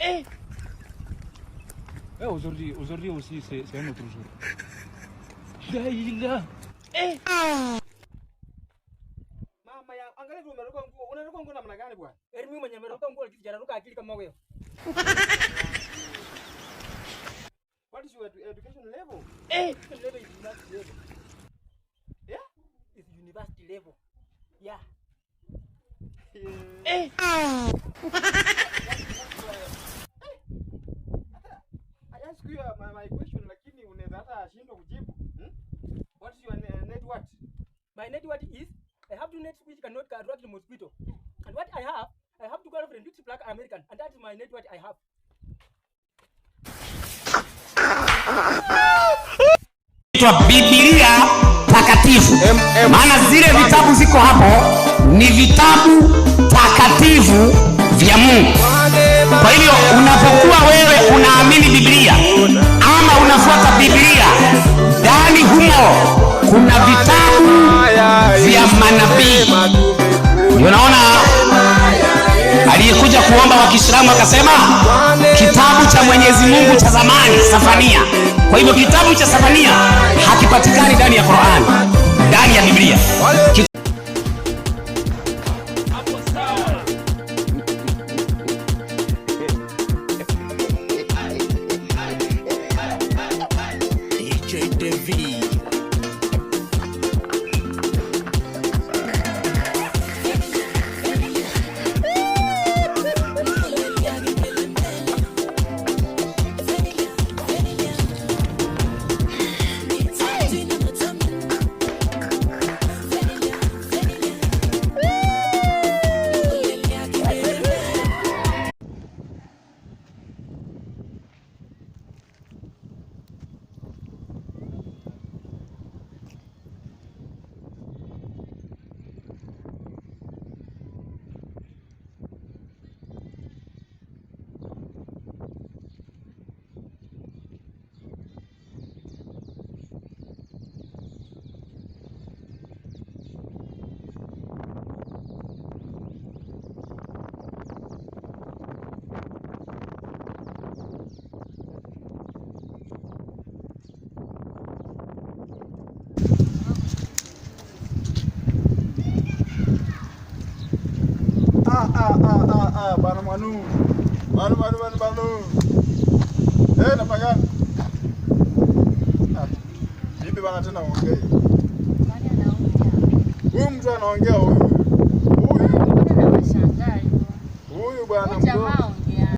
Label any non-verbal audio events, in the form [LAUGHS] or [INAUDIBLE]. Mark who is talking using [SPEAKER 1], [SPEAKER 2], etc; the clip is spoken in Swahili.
[SPEAKER 1] Eh
[SPEAKER 2] eh, aujourd'hui, aujourd'hui aussi, c'est un autre jour.
[SPEAKER 1] Laila eh.
[SPEAKER 3] Mama ya angalia vile umeruka nguo. Unaruka nguo namna gani bwana? Elimu yaani mwenye ameruka nguo lakini jana ruka akili kama wewe. [LAUGHS]
[SPEAKER 4] What is your education level? Eh, level is university level. Yeah? It's university level. Yeah.
[SPEAKER 1] Eh. [LAUGHS]
[SPEAKER 4] my question lakini unaweza hata kujibu. Hmm? What is your eh, My is I have two nets which cannot attract the mosquito. And what I have, I have two girlfriend which black American and that is my I have.
[SPEAKER 5] Itwa Biblia takatifu. Maana zile vitabu ziko hapo ni vitabu takatifu vya Mungu. Kwa hivyo unapokuwa wewe una nabii. naona aliyekuja kuomba wa Kiislamu akasema kitabu cha Mwenyezi Mungu cha zamani Safania. Kwa hivyo kitabu cha Safania hakipatikani ndani ya Qur'an, ndani ya Biblia. Kit [LAUGHS] bana mwanu bana mwanu bana mwanu eh na pagana bibi bana tena onge huyu mtu anaongea huyu huyu huyu bwana mkuu